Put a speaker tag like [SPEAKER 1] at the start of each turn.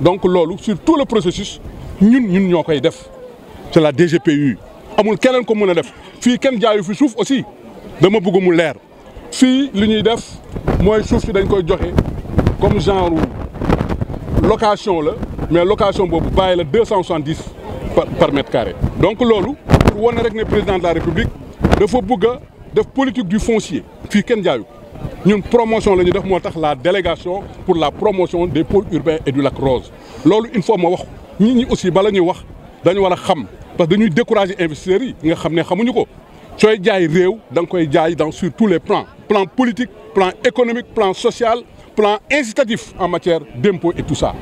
[SPEAKER 1] donc lolu, sur tout le processus ñun ñun ñoo koy def c'est la DGPU amul keneen ko mën a def fii kenn jaayu fi suuf aussi dama bëgg mu leer fii li ñuy def mooy suuf si dañ koy joxe comme genre location là mais location boobu bàyyi la 270 par mètre carré donc lolo, pour rek président de la république dafa bëgg bouger de politique du foncier fii ken jaayu nous promotion la promotion la délégation pour la promotion des pôles urbains et du lac Rose lolu une fois wax aussi bala ñuy wax dañu xam parce que dañuy décourager investisseurs yi nga xamné xamuñu ko sooy jaay réew dang dans sur tous les plans plan politique plan économique plan social plan incitatif en matière d'impôts et tout ça